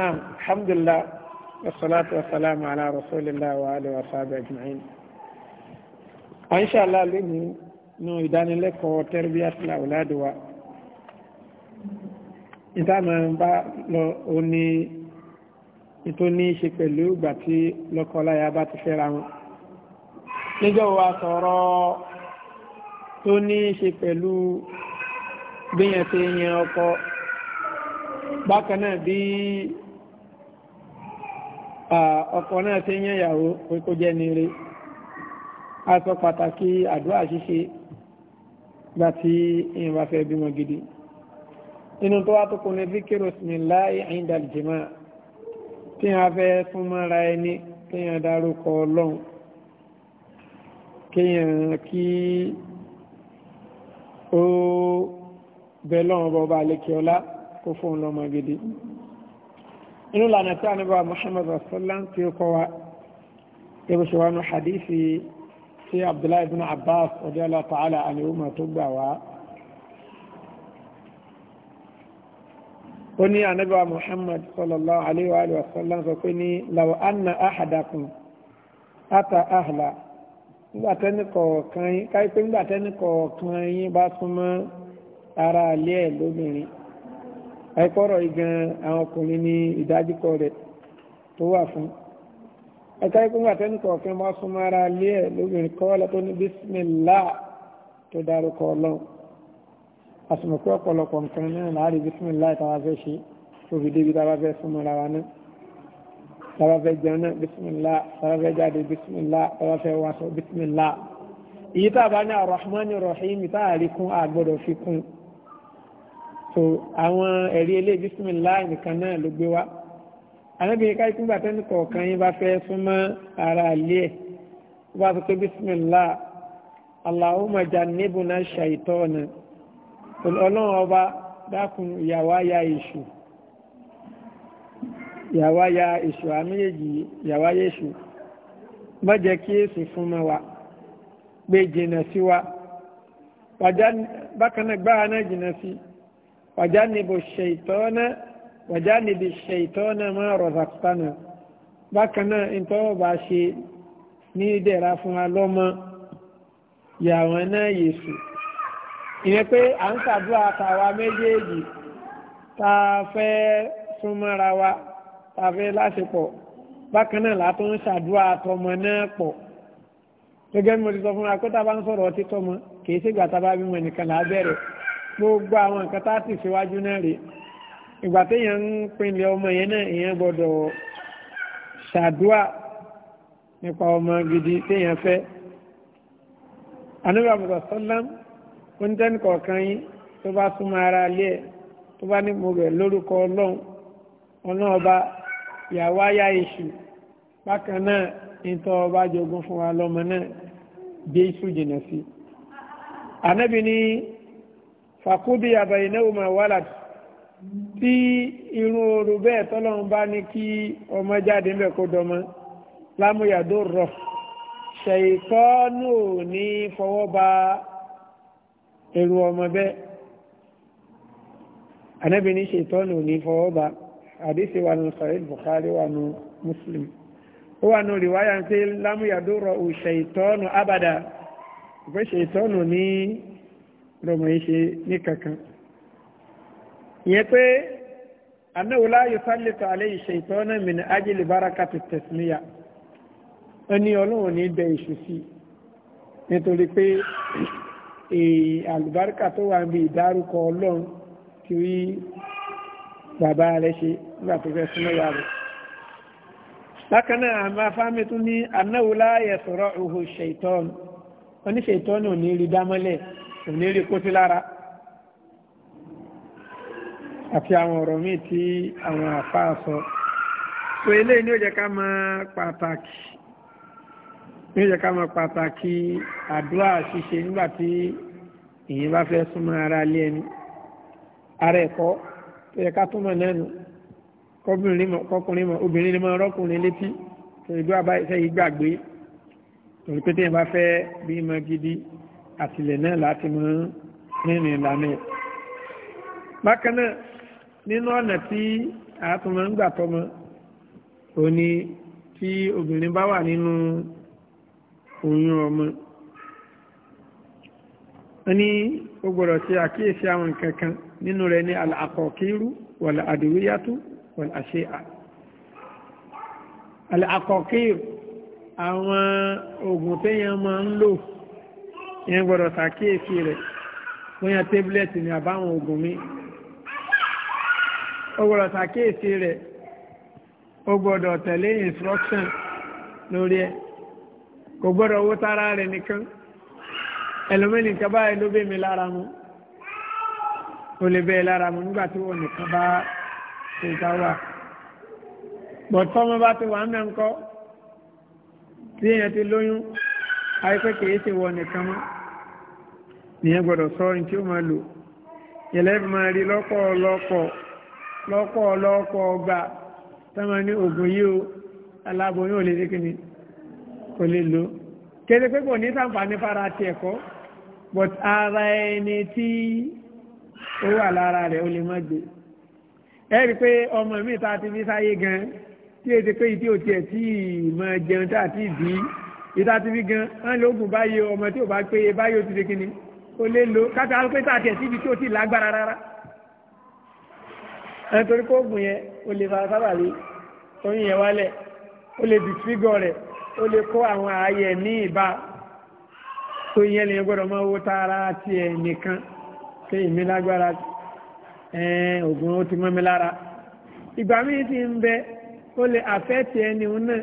نعم الحمد لله والصلاة والسلام على رسول الله وآله وصحبه أجمعين إن شاء الله لني نو لك وتربية الأولاد و إذا ما بقى لو إتوني شكلو باتي í ṣe pẹ̀lú ìgbà tí توني شكلو ti fẹ́ra wọn níjọ́ wa sọ̀rọ̀ ọkọ náà ti ń yàn yàwó pé kó jẹ́ ní rí a sọ pàtàkì àdúrà ṣíṣe gbà tí èèyàn bá fẹ́ bímọ gidi inú tó wá tó kún ní fíkírò bismillahi inda jìmá tí wọ́n fẹ́ fún mọ́ra ẹni kí wọ́n dárúkọ ọlọ́run kí wọ́n kí ó bẹ lọ́wọ́ bọ́ba lékè ọlá kó fún lọ́mọ gidi inú ìlànà tí a ní bá muhammadu sallam tí ó kọ́ wa yóò ṣe wá ní hadithi tí abdullahi ibn abbas radiyallahu ta'ala àni umar tó gbà wá ó ní ànábà muhammad sallallahu alaihi wa sallam sọ pé ní law anna ahadakum ata ahla nígbàtẹ́nìkọ̀ọ̀kan yín bá súnmọ́ ara alẹ́ ẹ̀ àìkọ́rọ̀ igan àwọn ọkùnrin ní ìdájúkọ rẹ̀ tó wà fún ẹ̀ka ikú àtẹnukọ̀ ọ̀fẹ́ máa súnmọ́ ara lé ẹ̀ lóbìnrin kọ́ọ́lá tó ní bísímìlá tó dárúkọ ọlọ́run àsìmọ̀pẹ́ ọ̀pọ̀lọpọ̀ nǹkan náà láàrin bísímìlá ìtawà fẹ́ ṣe tó fi débi táwa fẹ́ súnmọ́ ara wa náà táwa fẹ́ jẹun náà bísímìlá táwa fẹ́ jáde bísímìlá táwa fẹ́ wàṣọ bísímìlá èyí táwa bá ní àrọ̀hámánì rọ̀hìmì táà rí kún àgbọ̀dọ̀ fi kún so àwọn ẹ̀rí eléyìí bísímìláì nìkan náà ló gbé wá anábìyẹn káyọ̀ nígbà tẹ́ni kọ̀ọ̀kan yín bá fẹ́ súnmọ́ ara ilé ẹ̀ ó bá sọ pé bísímìláì Allahumma jannibuna shaytana ọlọ́run ọba dákun ìyàwó aya èṣù ìyàwó aya èṣù àmìyèjì ìyàwó aya èṣù má jẹ́ kí èṣù fún mọ́ wa gbé jìnnà sí wa bákan náà gbára náà jìnnà sí i wàjánibù ṣèitọ́nà wàjánibù ṣèitọ́nà máa rọ̀zàkùtánà bákan náà ìtọ́wọ́ bá ṣe ní ìdẹ̀ra fún wa lọ́mọ yàwọn náà yèsù ìyẹn pé à ń ṣàdúrà tàwa méjèèjì tá a fẹ́ súnmọ́ra wa tá a fẹ́ láṣepọ̀ bákan náà látó tọmọ náà pọ̀ gẹ́gẹ́ bí mo ti sọ fún wa pé tá a bá ń sọ̀rọ̀ ọtí tọmọ kì í ṣègbà tá a bá bímọ nìkan là bẹ̀rẹ̀ gbogbo àwọn nǹkan tá a ti ṣíwájú náà rè ìgbà téèyàn ń pinlẹ̀ ọmọ yẹn náà èèyàn gbọ́dọ̀ ṣàdúà nípa ọmọ gidi téèyàn fẹ́ anábì àbùkà sọ́lám oúnjẹ́ni kọ̀ọ̀kan yín tó bá súnmọ́ ara ilé ẹ̀ tó bá ní mo bẹ̀ lórúkọ ọlọ́run ọlọ́run ọba ìyàwó ayá iṣu bákan náà ìtọ́ ọba jogún fún wa lọ́mọ náà gbé iṣu jìnnà sí anábì ní fàkúdì àbàyìnáwòmà wàlàd tí irun ooru bẹ́ẹ̀ tọ́lọ́run bá ní kí ọmọ jáde ń bẹ̀ kó dọmọ lámúyàdó rọ ṣèkọ́nù ò ní fọwọ́ ba irun ọmọ bẹ́ẹ̀ anabi ní ṣètọ́nù ò ní fọwọ́ ba àdìsí wa nù sahih Bukhari wa nù Muslim ó wà nù rìwáyà ń pé lámúyàdó rọ ò ṣètọ́nù abada ìpè ṣètọ́nù ní lọ́mọ yìí ṣe ní kankan ìyẹn pé anáwó láàyò sálẹ̀tò alẹ́ ìṣe ìtọ́nà mìíràn ájílì báraka ti tẹ̀síníyà ó ní ọlọ́run ní bẹ ìṣù sí nítorí pé àlùbáríkà tó wà níbi ìdárúkọ ọlọ́run tí ó yí bàbá rẹ̀ ṣe nígbà tó fẹ́ súnmọ́ rẹ̀ bákan náà àmọ́ afámi tún ní anáwó láàyè sọ̀rọ̀ òhò ṣètọ́nù oníṣètọ́nù ò ní rí dámọ́lẹ̀ kò ní rí kó sí lára àti àwọn ọ̀rọ̀ míì tí àwọn àfáà sọ so eléyìí ni ó jẹ́ ká mọ̀ pàtàkì ni ó jẹ́ ká mọ̀ pàtàkì àdúrà ṣíṣe nígbà tí èyí bá fẹ́ súnmọ́ ara lé ẹni ara ẹ̀kọ́ tó yẹ ká túmọ̀ lẹ́nu kọkùnrin mọ̀ obìnrin ni mọ̀ rọ́kùnrin létí tó ìgbà bá iṣẹ́ yìí gbàgbé torí pé téèyàn bá fẹ́ bí mọ gidi àtìlẹ̀ náà láti mú nínú ìlànà ẹ̀. bákan náà nínú ọ̀nà tí àtúmọ̀ ń gbà tọmọ òní tí obìnrin bá wà nínú oyún ọmọ ní ó gbọ́dọ̀ ṣe àkíyèsí àwọn nǹkan kan nínú rẹ̀ ní àkọ̀kírú wọ̀lẹ̀ àdìwíyàtú wọ̀lẹ̀ àṣẹ àkọ̀kírú àwọn oògùn téèyàn máa ń lò ìyẹn gbọ́dọ̀ sàkíyèsí rẹ̀ bóyá tébúlẹ̀tì ni àbáwọn oògùn mi ó gbọ́dọ̀ sàkíyèsí rẹ̀ ó gbọ́dọ̀ tẹ̀lé instruction lórí ẹ̀ kò gbọ́dọ̀ owó tára rẹ̀ nìkan ẹlòmínì nǹkan báyìí ló bẹ́ mi lára mu ó lè bẹ́ẹ̀ lára mu nígbà tí wọn nìkan bá ṣe ìta wà bọ̀tọ́ ọmọ bá ti wà ń mẹ́ńkọ́ tí èèyàn ti lóyún àyíkọ́ kìí ṣe wọ nìkan mọ́ ìyẹn gbọ́dọ̀ sọ ní tí ó máa lò ìlẹ́bí máa rí lọ́pọ̀lọpọ̀ lọ́pọ̀lọpọ̀ ọgbà tọ́mọ ní oògùn yìí o aláboyún ò lè dé kíni kò lè lò kéde pé kò ní sàǹfààní fara ti ẹ̀kọ́ but ara ẹni tí ó wà lára rẹ̀ ó lè má gbé ẹ rí i pé ọmọ mi ta ti fi sáyé gan tí èdè pé ìdí òtí ẹ̀ tí ì máa jẹun tá àti ìdí ìta ti fi gan án lóògùn báyìí ọmọ tí ò bá péye báyìí ó ti dé kíni kò lè lò kátà pé tàtẹ̀ síbi tí ó ti lágbára rárá nítorí kó gùn yẹn o lè fara sábà lé oyún yẹn wálẹ̀ o lè bìtírígọ̀ rẹ̀ o lè kó àwọn ààyè ní ìbá tó yẹn lè gbọ́dọ̀ mọ́ owó tààrà tiẹ̀ nìkan pé èmi lágbára oògùn ó ti mọ́ mi lára ìgbà míì ti ń bẹ ó lè àfẹ́tì ẹni òun náà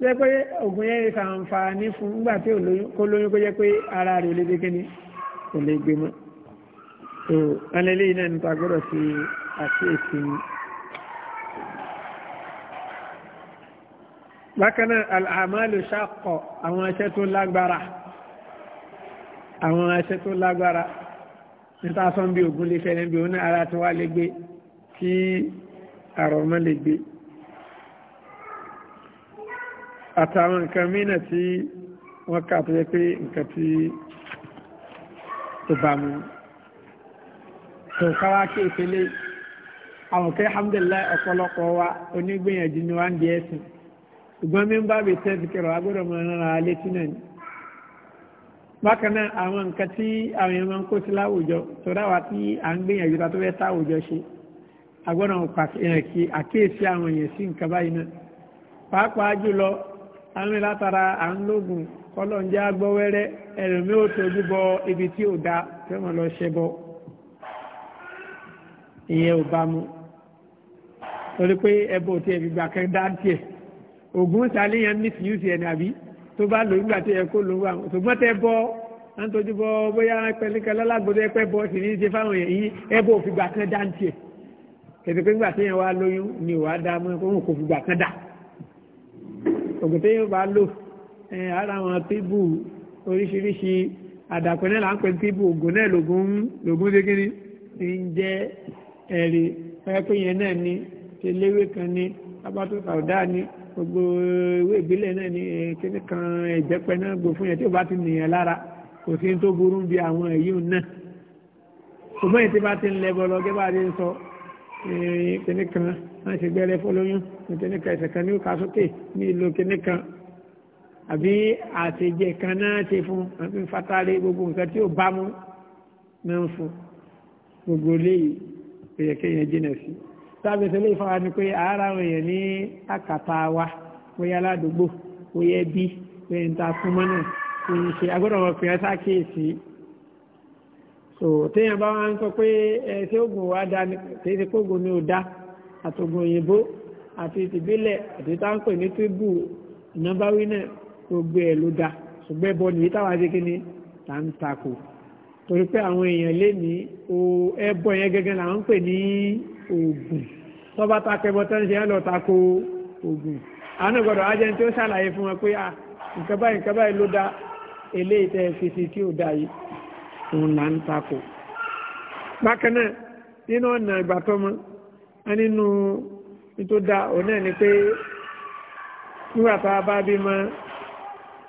jẹ́ pé oògùn yẹn lè fàǹfààní fún nígbà tí kò lóyún kó jẹ́ pé ara rẹ̀ ò lè dé kíni kò lè gbé mọ́ so alẹ́lẹ́ iná ní tagbọ́dọ̀ sí àkíyèsí ni bákanáà al'amalu ṣàkọ̀ àwọn ẹṣẹ́ tó lágbára àwọn ẹṣẹ́ tó lágbára níta sọ́n bí ogun lè fẹ́rẹ́ bí oní ara tó wá lè gbé tí àrọ̀mọ́ lè gbé àtàwọn nǹkan mìíràn wọ́n kà yẹ pé nǹkan tí tó bá mu tó káwá kí ìpele àwọn kẹ́ alhamdulillah ọ̀pọ̀lọpọ̀ wa onígbìyànjú ni wọ́n á di ẹ̀sìn ṣùgbọ́n mi ń bá mi tẹ́ fi kẹrọ agbọ́dọ̀ mọ ara létí náà ni. bákan náà àwọn nǹkan tí àwọn èèyàn máa ń kó sí láwùjọ tó dáwà tí à ń gbìyànjú tó fẹ́ táwùjọ ṣe agbọ́dọ̀ pàṣẹ eh, àkíyèsí àwọn èèyàn sí nǹkan báyìí náà pàápàá jùlọ àwọn látara à ń lógun kọlọ́njẹ́ agbọ́wẹ́rẹ́ ẹlòmí ò tójú bọ ibi tí ò da tí wọ́n lọ ṣe bọ ìyẹn ò bá mu torí pé ẹbọ tí ẹ fi gbà kẹ́ dá tiẹ̀ ògùn sálẹ̀ yẹn mí tìyú tiẹ̀ nàbí tó bá lò nígbà tí ẹ kó lò wà ṣùgbọ́n tẹ bọ wọ́n tójú bọ bóyá pẹ̀lẹ́kẹ́ lálágbọ́dọ̀ pẹ́ bọ sì ní ṣe fáwọn yẹn ìyẹn ẹbọ ò fi gbà kẹ́ dá tiẹ̀ kẹ̀tẹ̀ pé nígbà tí yẹn wá lóyún ni ò wá dá mọ́ kó wọn kò fi gbà kẹ́ dá ògùn tẹ́yìn bá lò ara wọn píbù oríṣiríṣi àdàpẹ́ náà là ń pè píbù ògùn náà lògùn lògùn ṣe kíni ń jẹ́ ẹ̀rí pẹ́ẹ́pẹ́ yẹn náà ni tẹ̀léwé kan ni abátó sàwùdá ni gbogbo ewé ìbílẹ̀ náà ni kíní kan ìjẹ́pẹ́ náà gbò fún yẹn tí ó bá ti nìyẹn lára kò sí tó burú bí àwọn èyí náà ṣùgbọ́n yìí tí bá ti ń lẹ́bọ̀ lọ gẹ́gẹ́ bá ti ń sọ kíní kan wọ́n ṣe gbẹ́rẹ́ fọlọ́yún kíní kan ẹ̀sẹ̀ kan ní ó kà sókè ní ìlú kíní kan àbí àtẹ̀jẹ̀ kan náà ṣe fún àbí fatale gbogbo nǹkan tí ó bá mú náà fún gbogbo léyìí ó yẹ kéèyàn jìnà sí sábẹ sọlẹ ìfọwọ́ ni pé ara àwọn èèyàn ní àkàtà wa bóyá aládùúgbò bóyá ẹbí bóyá níta súnmọ́ náà kò ní ṣe agbọ́dọ̀ wọn pè é sákèèsí so téèyàn bá wọn sọ pé ẹ ṣé oògùn wa dá ni kì í ṣe pé oògùn mi ò dá àtògùn òyìnbó àti ìtìbílẹ̀ àti táǹpẹ̀ ní tíbù ìnábáwí náà gbogbo ẹ̀ ló dá ṣùgbọ́n ẹbọ nìyí táwọn adékíní là ń takò torí pé àwọn èèyàn lé ní ẹbọ yẹn gẹ́gẹ́ là ń pè ní oògùn tọ́ba ta kẹbọ tán ṣe ń lọ takò oògùn àwọn ìgbọ́dọ̀ ajẹ́ tí ó ṣàlàyé fún wọn pé à nǹkan báyìí nǹkan báyìí ló dá eléyìí tẹ́ fi sí tí ò dá yìí òun là ń takò bákan náà nínú ọ̀nà ìgbà tọ́mọ nínú tó dá òun náà ni pé nígbà tá a bá bímọ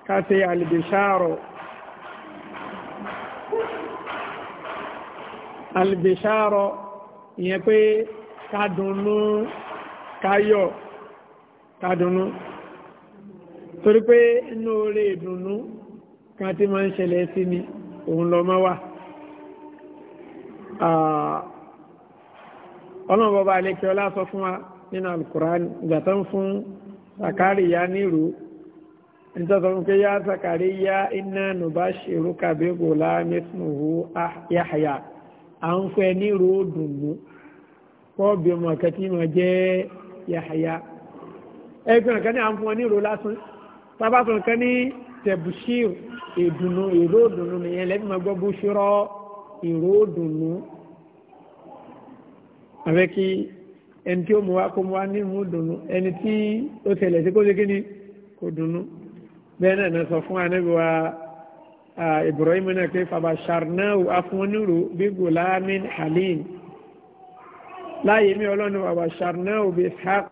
kásẹ̀ albisharo albisharo ìyẹn pé kádùnnú káyọ̀ kádùnnú torí pé inú orí ìdùnnú kan tí máa ń ṣẹlẹ̀ sí ni òun lọ mọ́ wà ọlọ́run bọ́ba sọ fún wa nínú alukurani ìgbà fún Zakariya nírú nítorí pé yá Zakariya iná nùbá ṣèrú kàbígò lámẹ́sìnwó Yahya à ń fẹ́ ní ròódùnú pọ́ọ̀bì ọmọ kẹtí mọ̀ jẹ́ Yahya ẹgbẹ́ nǹkan ní à ń fún ọ ní ròó lásán bàbá sọ̀rọ̀ kan ní tẹ̀bùṣìr ìdùnnú ìró ìdùnnú nìyẹn lẹ́bí máa gbọ́ bó ìró ìdùnnú àbẹ́ kí ẹni tí ó mú wa kó mú wa ní ìmú ẹni tí ó tẹ̀lẹ̀ sí kó ṣe kí ni kò dùnnú bẹ́ẹ̀ náà náà sọ fún anábì wa Ibrahim náà pé fabasharnahu afúnnúrò bí gulamin halim láàyè mi ọlọ́run fabasharnahu bí haq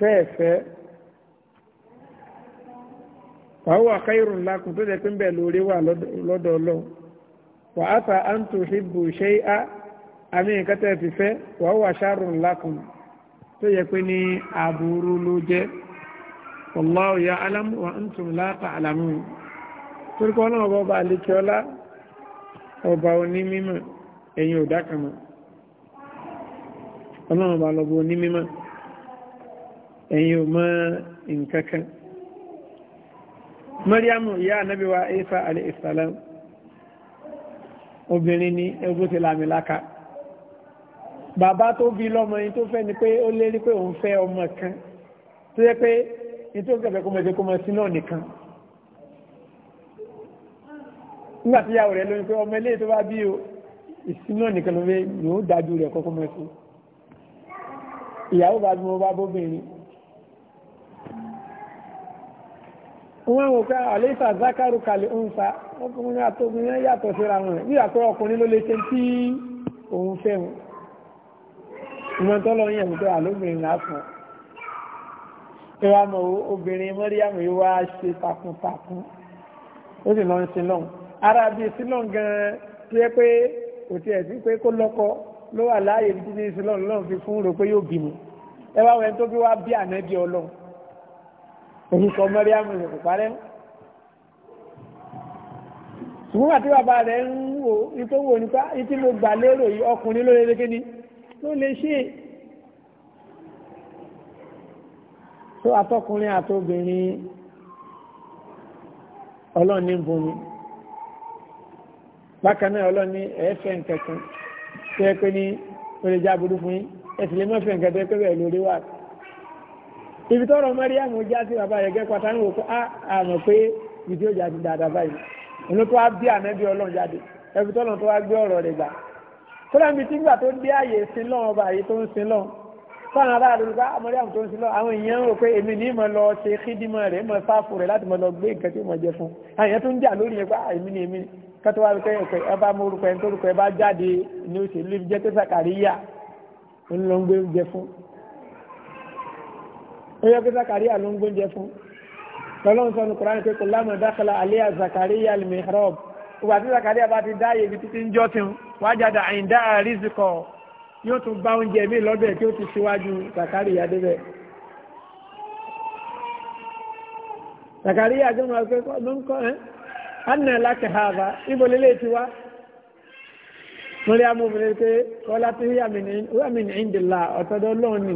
tẹ́ẹ̀fẹ́ wàhùwà káyìrù ńlá kù tó jẹ́ pé ń bẹ̀ lórí wà lọ́dọ̀ ọlọ́run wà á ta à ń tò ṣe á àmì nǹkan fi fẹ́ wàhùwà ṣáàrù ńlá kù tó jẹ́ pé ní àbúrú ló jẹ́ wallahu wa antum la ta'lamun torí kọ́ náà bọ́ ọba onímímọ̀ ẹ̀yin ò dákàmọ́ ọlọ́run lọ ẹ̀yin ò mọ̀ nǹkankan mariamu ìyá anabi wa isa alayhisalam obìnrin ni ẹgbẹ́ ti làmìlaka bàbá tó bí lọ́mọ yìí tó fẹ́ ni pé ó lérí pé òun fẹ́ ọmọ kan tó yẹ pé ní tó kẹfẹ́ kó mọ̀ ṣe kó mọ̀ sí náà nìkan nígbà tí rẹ̀ lóyún pé ọmọ ilé tó bá bí o ìsinú nìkan ló fẹ́ yóò dájú rẹ̀ kọ́kọ́ mọ̀ ìyàwó bá bí mo bá bóbìnrin wọ́n wò pé àlééfà zákàrù kàlẹ̀ ń fa ọkùnrin àtọ́kùnrin yàtọ̀ síra wọn bí àpẹ ọkùnrin ló lè ṣe tí òun fẹ́ wọn ìwọ̀n tọ́lọ yẹn wípé àlóbìnrin lásán ìwà mọ̀ obìnrin mọ́ríyàmù yìí wá ṣe takuntakun ó sì lọ ń sin lọ́hùn ara bí sin lọ́hùn gan-an tí ẹ pé kò tiẹ̀ sí pé kó lọ́kọ ló wà láàyè títí sin lọ́hùn fi fún rò pé yóò bímọ ẹ wá wẹ́n tó bí wá bí ànábì ọlọ́hùn èyí sọ mẹ́ríàmù ní kò parẹ́ ṣùgbọ́n àti bàbá rẹ̀ ń wò ní tó wò nípa ìtí mo gbà lérò yìí ọkùnrin ló lè kíni ló lè ṣe tó àtọkùnrin àtobìnrin ọlọ́ọ̀ni ń bomi bákan náà ọlọ́ọ̀ni ẹ̀ẹ́fẹ́ nǹkan kan tó yẹ pé ní ó lè já burú fún yín ẹ̀sìn lè mọ́fẹ́ nǹkan tó yẹ pé bẹ́ẹ̀ lórí wà tó ibi tọrọ mariam já sí bàbá rẹ̀ gẹ́kọ̀ọ́ táwọn òkú àmọ̀ pé ìdí ah, ó jáde dáadáa báyìí inú tó wá bí ànábì ọlọ́run jáde ẹbí tọ́lọ́ tó wá gbé ọ̀rọ̀ rẹ̀ gbà kódà níbi tí gbà tó dé àyè sin lọ́wọ́ ọba àyè tó ń sin lọ́wọ́ fáwọn aráàlú nípa ah, mariam tó ń sin lọ́wọ́ àwọn èèyàn ń rò pé èmi ní mọ̀ lọ ṣe kídìmọ̀ rẹ̀ mọ̀ fáfù rẹ̀ láti mọ̀ lọ gbé nǹkan tí mo jẹ fún àwọn tó ń jà lórí yẹn pé ah, èmi ni èmi kátó wá pé ẹ bá oyè pé Zakariya ló ń gbóúnjẹ fún lọ́lọ́run sọ ní Kùránì pé kullama dakhala alayha Zakariya al-mihrab ìgbà tí Zakariya bá ti dá ibi títí ń jọ́ ti ń wajada inda rizqa yóò tún bá oúnjẹ mi lọ́dọ̀ ẹ̀ tí ó ti síwájú Zakariya débẹ̀. Zakariya gbọ́n wa pé ló ń kọ́ ẹ́ anna laka hadha ibo lélẹ̀ ti wá mọ́ríàmù obìnrin pé kọ́lá tí ó yà mí ní ìndìlá ọ̀tọ́dọ́ lọ́ọ̀nì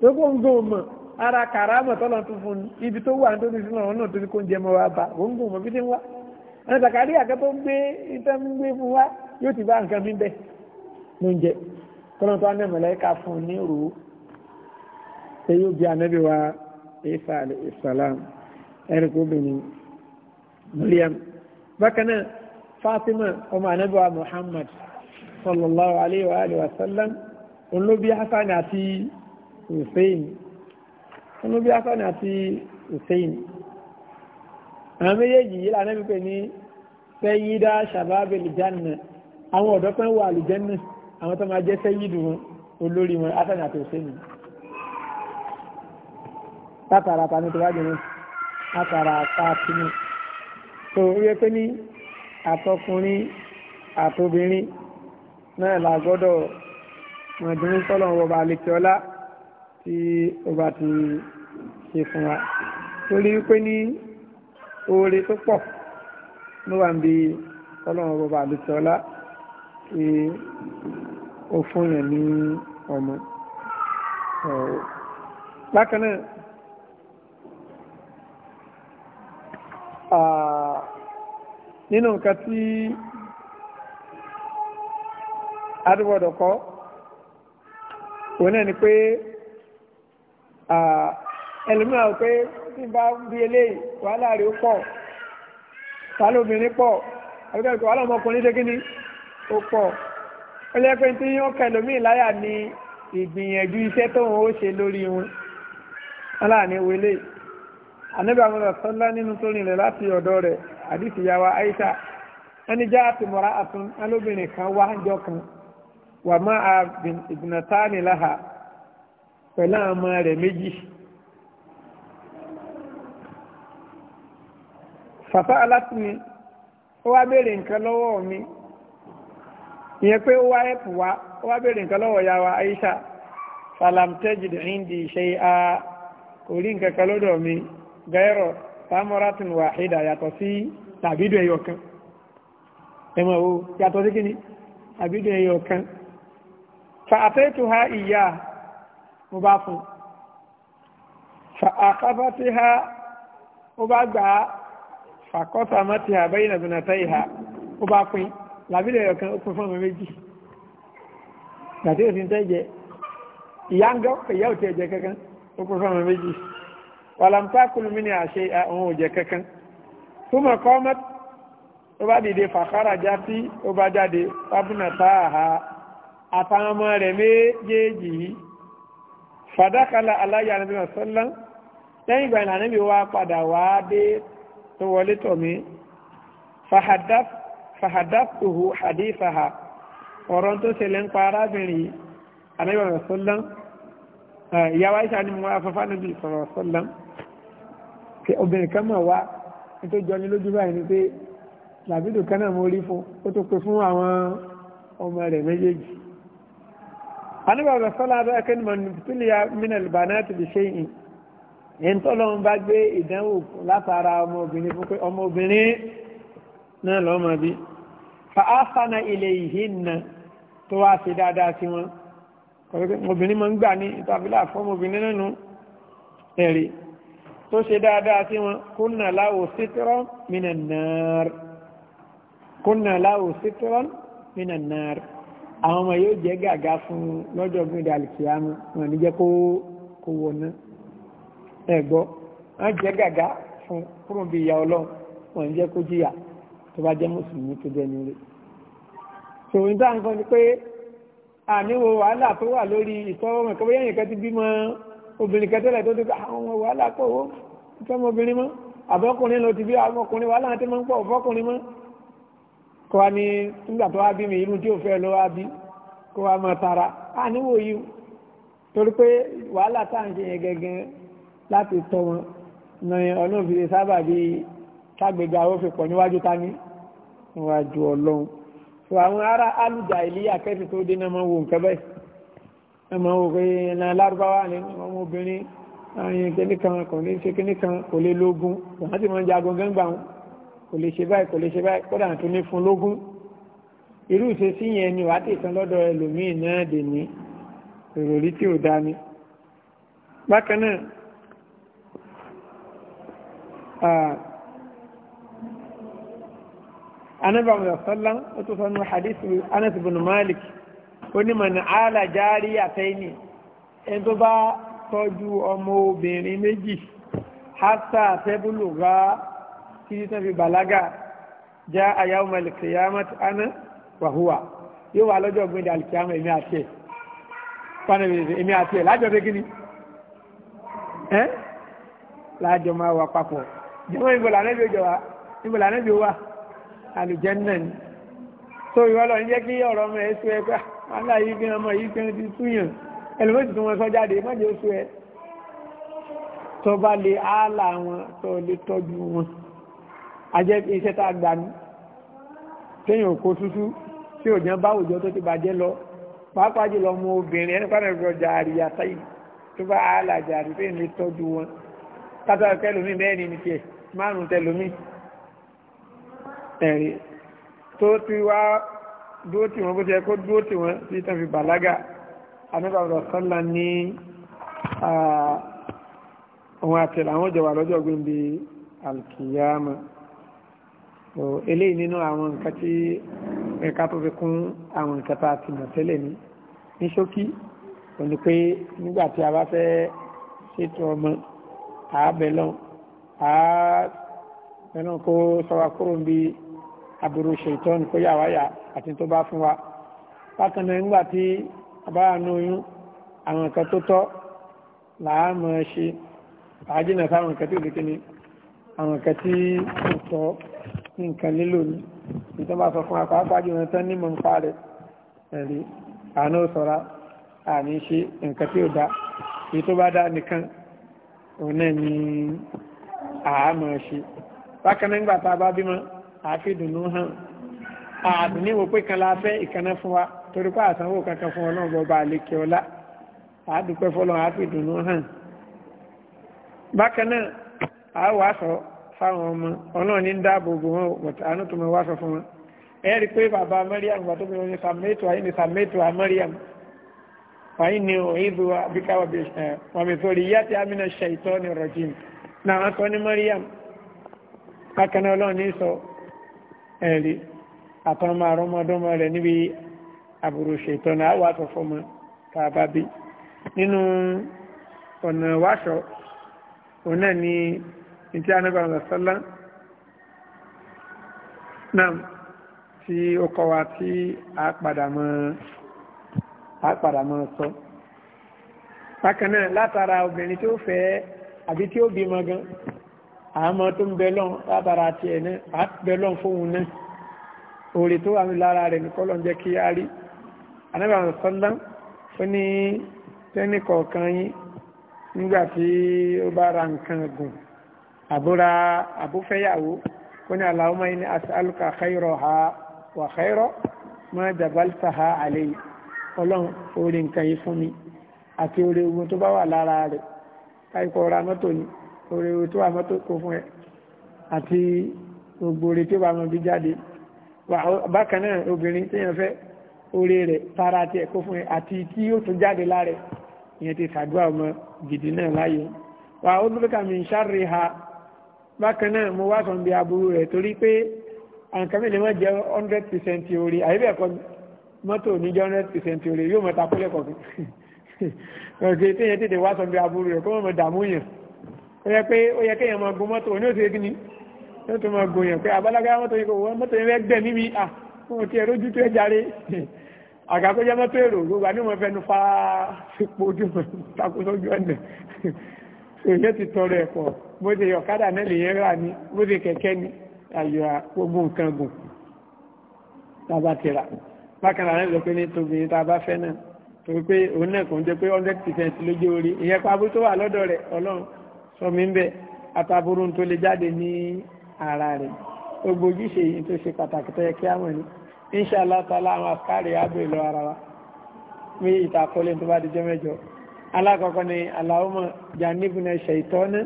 tó ń gbọ́n mọ̀ ara kàràmọ̀ tọ́lọ̀ tó fún ni ibi tó wà nítorí sínú ọ̀run náà torí kó ń jẹmọ wa bá gbóngbò mọ̀ bí ti ń wá ẹni sàkárí àkẹ́ tó ń gbé iṣẹ́ ń gbé fún wa yóò ti bá nǹkan mi bẹ̀ lóúnjẹ tọ́lọ̀ tó ánà mọ̀lẹ́ka fún ní rò ó ṣe yóò bí anábì wa Isa alayhi salam obìnrin Maryam bákan náà Fatima ọmọ anábì wa Muhammad sallallahu alayhi wa sallam olóbi Hasan àti Hussein inú bí asani àti hussein àwọn méjèèjì yìí lànà pípẹ́ ní sẹ́yídá sàbábẹ̀ lìjánà àwọn ọ̀dọ́ pẹ́ wà lìjánà àwọn tó máa jẹ́ sẹ́yídù wọn olórí wọn asani àti hussein látara ta ní tó wájú wọn látara ta tìmọ̀ tó wíwẹ́ pé ní àtọkùnrin àtobìnrin náà la gbọ́dọ̀ mọ̀dúnrún sọ́lọ́wọ́ ọba àlekíọ́lá tí ọba ti ṣe fún wa torí wípé ní oore tó pọ̀ ló wà ń bi ọlọ́run bọba àdìsọ́lá kí ó fún yẹn ní ọmọ. bákan náà nínú nǹkan tí adúgbòdò kọ́ òun náà ni pé ẹlòmíràn pé tí bá bí eléyìí wàhálà rẹ̀ pọ̀ tálóbìnrin pọ̀ àbíkẹ́ ìpè wàhálà ọmọkùnrin ó pọ̀ ó lẹ́ pé tí yóò ni ìgbìyànjú iṣẹ́ tóun ó ṣe lórí wọn aláàní wọlé àníbà mọ́ra sọ́lá nínú tó rìnlẹ̀ láti ọ̀dọ̀ rẹ̀ àdìsí yàwá ẹni já àti àtún alóbìnrin kan wá jọ kan wà má a pẹ̀lú àwọn ọmọ rẹ̀ méjì fàfà alátìní ó wá béèrè nǹkan lọ́wọ́ mi ìyẹn pé ó wá ẹ̀pù wá ó wá béèrè nǹkan lọ́wọ́ ìyá wa Aisha falamtejid indi shay'a kò rí nǹkan kan lọ́dọ̀ mi gẹ́rọ tamoratin wahida yàtọ̀ sí tàbídùn ẹyọ kan ẹmọ o yàtọ̀ sí kíni tàbídùn ẹyọ kan fa ataytuha ìyá mo bá fún fa akhafatiha ó bá gbà á fàkọ́tà mọ́tì àbẹ́yìn nàbìnà tẹ́yì ha ó bá pín làbílẹ̀ ọ̀kan ó pín fún ọmọ méjì gbàtí òsì ń tẹ́jẹ ìyá ń gọ́ ìyá ò tẹ́jẹ kankan ó pín fún ọmọ méjì wàlàmtákùlù mi ni àṣẹ àwọn òjẹ kankan tó mọ̀ kọ́ mọ́ ó bá dìde fàkàrà já sí ó bá jáde fábùnà táà àtàwọn ọmọ rẹ̀ méjèèjì yìí fàdákàlà aláyà nàbìnà sọ́lá lẹ́yìn ìgbà ìlànà mi wá padà wá dé tó wọlé tọ̀ mí fàhàdáfùhù hadífàhà ọ̀rọ̀ tó ṣẹlẹ̀ ń pa arábìnrin anábìyàn sọ́lá ìyàwó àìsàn ni mo wá afọ́fá níbi ìsọ̀rọ̀ sọ́lá obìnrin kan mọ̀ wá tó jọ ní lójú báyìí ni pé làbídò kan náà mo rí fún ó tó pe fún àwọn ọmọ rẹ̀ méjèèjì anábìyàn sọ́lá abẹ́kẹ́ni mọ̀ nìtúlìyà mínà lìbànà ti di ẹni tọ́lọ́run bá gbé ìdánwò látara ọmọbìnrin fún pé ọmọbìnrin náà lọ́mọ bí fàásánà ilẹ̀ ìhìnà tó wá sí dáadáa sí wọn obìnrin máa ń gbà ní ìtàbílà fọ́mọbìnrin nínú ẹ̀rí tó ṣe dáadáa sí wọn kúnnà láwò sítírọ́ mìnànáàrì kúnnà láwò sítírọ́ mìnànáàrì àwọn ọmọ yóò jẹ́ gàgá fún lọ́jọ́ gbìndàlì wọn ní jẹ́ kó wọná ẹ̀gbọ́ wọ́n jẹ́ gàgá fún kúrò bí ìyá ọlọ́run wọ́n jẹ́ kó tó bá jẹ́ mùsùlùmí tó jẹ́ nílé. tòun dá nǹkan ni pé àníwò wàhálà tó wà lórí ìtọ́wọ́ mọ̀ yẹ́yìn ti bímọ obìnrin kẹtẹ́lẹ̀ tó ti àwọn wàhálà pọ̀ obìnrin mọ́ àbọ́kùnrin ló ti bí ọmọkùnrin wàhálà máa ń pọ̀ fọ́kùnrin mọ́ wa ní nígbà tó wá bí wa láti tọ́ wọn ní ọlọ́run fi lè sábà bí tágbègbè àwọn fi pọ̀ níwájú tání níwájú ọlọ́run so àwọn ará alùjà ìlíyà kẹ́sì tó dé náà máa wo nǹkan bẹ́ẹ̀ ẹ máa wo pé ẹ̀nà lárúbáwá ni ọmọbìnrin àyìn kíníkan kò ní ṣe kíníkan kò lè lógún wọ́n ti máa ń jagun gángbà wọn kò lè ṣe báyìí kò lè ṣe báyìí kódà tó ní fún lógún irú ìṣesí yẹn ni wàá tẹ̀sán lọ́dọ̀ ẹlòmíì náà dè ní èrò orí tí ò dání bákan náà anábà ah. mọ̀sálá ó tó sọ́nù hadithu anas bin malik ó ní mọ̀ ní ààlà járí àtẹ́yìnì ẹn tó bá tọ́jú ọmọ obìnrin méjì hátà tẹ́bùlù gá títí tán fi bàlágà já àyàwó malikiyama ti ana wàhúwà yóò wà lọ́jọ́ gbé dàlìkiyama èmi àti ẹ̀ pánẹ̀lẹ̀ èmi àti ẹ̀ lájọ́ pé kí ni ẹ́ lájọ́ máa wà papọ̀ jùmọ́ ìbòlà nẹ́bí òjò wa ìbòlà nẹ́bí wa àlùjẹ́nà ni tó ìwọ́ lọ ń jẹ́ kí ọ̀rọ̀ ọmọ ẹ̀ sú ẹ pé wàhálà yìí fi ọmọ yìí fi ń ti túyàn ẹlòmíì tuntun wọn sọ jáde mọ́jẹ́ ó sú ẹ tó bá lè áàlà wọn tó lè tọ́jú wọn ajẹ́ iṣẹ́ tá a gbà ní téèyàn ò kó tútú tí ò jẹ́ bá òjò tó ti bàjẹ́ lọ pàápàá jùlọ ọmọ obìnrin ẹni pàdé ọjọ́ jàrí àtàyè tó bá áàlà jàrí téèyàn lè tọ́jú wọn kátó lómi mẹ́rin ní tiẹ̀ márùn tẹlomi ẹ̀rí tó ti wá dúó tì wọ́n bó ṣe kó dúó tì wọ́n sí tán fi bàlágà anábàbà sọ́lá ní ohun àtẹ̀lẹ̀ àwọn ìjọba lọ́jọ́ gbìndì alkiyama eléyìí nínú àwọn nǹkan tí ẹ̀ka tó fi kún àwọn nǹkan tá a ti mọ̀ tẹ́lẹ̀ ní ní ṣókí òní pé nígbà tí a bá fẹ́ ṣètò ọmọ àábẹ̀lọ́n a nínú kó sọwa kúrò bí aburú ṣètọ́nù kó yà wáyà àti tó bá fún wa bákan náà nígbà tí a bá wà ní oyún àwọn nǹkan tó tọ́ làá mọ̀ ẹ́ ṣe àájínà sáwọn nǹkan tí ò dékè ni àwọn nǹkan tí kò tọ́ ní nǹkan lílò ní ìtọ́ bá sọ fún wa pàápàá jùlọ tán ní mọ̀nfà rẹ̀ ẹ̀rí àánú sọ̀ra àní ṣe nǹkan tí ò dá èyí tó bá dá nìkan òun náà ni àámọ̀ ṣe bákanáà ńgbà tá a bá bímọ àfidùnú hàn àdùnníwò pé kan la fẹ́ ìkànnà fún wa torí pé àsanwó kankan fún ọlọ́run bọba àlekè ọlá àádùpẹ́ fọlọ́run àfidùnú hàn bákanáà àáwọ̀ àṣọ fáwọn ọmọ ọlọ́run ní dáàbò bò wọn bọ̀tà àánú tó mọ wá sọ fún wọn ẹ rí i pé bàbá Mariam gbà tó bẹ̀rẹ̀ ní sàmẹ́tò ní sàmẹ́tò wàyí ni òyìnbó wàmí yá ti ṣe ìtọ́ ni rọ̀jìn na sọ ní Mariam akẹ́ni ọlọ́run ní sọ ẹ̀rí àtọ́mọ àrọ́mọdọ́mọ rẹ̀ níbi àbúrò ṣètọ́nà àwọn àtọ̀fọ́mọ tàbá bí nínú ọ̀nà wáṣọ òun náà ni ìtí anábàrún sọ́lá náà tí ó kọ́ wa tí a padà mọ́ a padà mọ́ sọ bákan náà látara obìnrin tí ó fẹ́ẹ́ àbí tí ó bímọ gan àmọ́ tó ń bẹ lọ́n látara tiẹ̀ náà á bẹ lọ́n fóun náà òòrè tó wà lára rẹ̀ nìkan lọ́n jẹ́ kí á rí anábà sọ́ndá ó ní tẹ́nì kọ̀ọ̀kan yín nígbà tí ó bá ra nǹkan gùn àbúra àbúfẹ́yàwó ó ní Allahumma inni as'aluka khayraha wa khayra ma jabaltaha alayhi ọlọ́run orí nǹkan yìí fún mi àti orí ogun tó bá wà lára rẹ̀ káyipọ̀ ra mọ́tò ni oore tó wà mọ́tò kó fún ẹ àti gbogbo oore tí ó bá mọ bí jáde bákan náà obìnrin téèyàn fẹ́ oore rẹ̀ tara tiẹ̀ kó fún ẹ àti tí yóò tún jáde lára ìyẹn ti ṣàdúrà ọmọ gidi náà láàyè wà ó dúró kàmí ń ṣàrè ha bákan náà mo wá sọ̀n bí aburú rẹ̀ torí pé àǹkà mi lè má jẹ́ hundred percent oore àyè bẹ́ẹ̀ kọ́ mọ́tò ní jẹ́ hundred percent oore yóò mọ̀ ta kọ̀ọ̀kan ọ̀gẹ̀ tí yẹn tètè wá sọ bí aburú rẹ̀ kó mọ̀ mọ̀ dààmú yẹn ó yẹ pé ó yẹ kéèyàn máa gun mọ́tò ní òsè kíni ó tún máa gun yẹn pé abálágá mọ́tò yẹn kò wọ́n mọ́tò yẹn fẹ́ gbẹ̀ níbi à fún ti ẹ̀rọ ojú tó ẹ járe àgàkójẹ́ mọ́tò èrò gbogbo àní mo fẹnu fa sípò ojú mọ́ takùn lójú ọ̀nà èyí ti tọrọ ẹ̀pọ̀ bó ti ọ̀kadà náà lè yẹn rà ní bó ti kẹ̀kẹ́ ní ayọ̀ gbogbo nǹkan gùn tá a bá ti rà bákan náà lè pé ní tóbi tá a bá fẹ́ náà torí pé òun náà kò ń jẹ́ pé hundred percent lójú orí ìyẹn pabú tó wà lọ́dọ̀ rẹ̀ ọlọ́run sọ mí ń bẹ̀ ataburú tó lè jáde ní ara rẹ̀ gbogbo ojúṣe yìí tó ṣe pàtàkì tó yẹ kí á mọ̀ ní inṣàlá tààlà àwọn àkárè àbẹ̀ lọ ara wa mi ìtàkọ́lé tó bá di jẹ́ mẹ́jọ alákọ̀ọ́kọ́ ni aláwọ̀mọ̀ jàǹdìbùnà ṣètọ́nà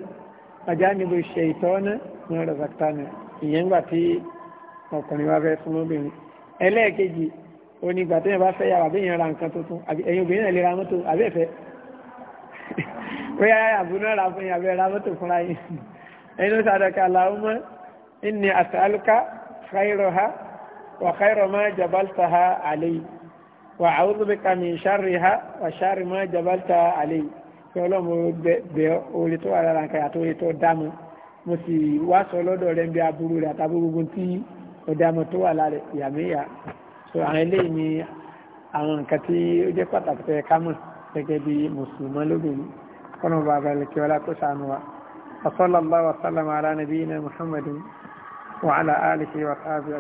àjàǹdìbù ṣètọ́nà ní ọ̀rọ̀ zakitana ìyẹn gbà tí ọkùnrin wa fẹ́ fún obìnrin ẹlẹ́ẹ̀kejì ó ní ìgbà tẹ́yìn bá fẹ́ yàrá àbí ìyẹn ra nǹkan tuntun ẹ̀yin obìnrin náà lè ra mọ́tò àbí ẹ̀fẹ́ bóyá àbúrò náà ra fún yín àbí ra mọ́tò fúnra yín ẹni ó sàdọ̀kà làwùmọ́ inni as'aluka khayraha wa khayra ma jabaltaha alayhi wa a'udhu bika min sharriha wa sharri ma jabaltaha alayhi pé ọlọ́mọ bẹ orí tó wà lára nǹkan àti orí tó dá mi mo sì wá sọ lọ́dọ̀ rẹ̀ ń bẹ aburú rẹ̀ àtàbúrú gbogbo tí ọ̀dàmọ̀ tó wà lára ìyàmíyà so àwọn eléyìí ni àwọn nǹkan tí ó jẹ́ pàtàkì tẹ́ ká mọ̀ gẹ́gẹ́ bí mùsùlùmọ́ lóbìnrin kọ́nà bá balẹ̀ kí wọ́lá kó sànù wa wa sallallahu ala nabiyina muhammadin wa ala alihi wa sahbihi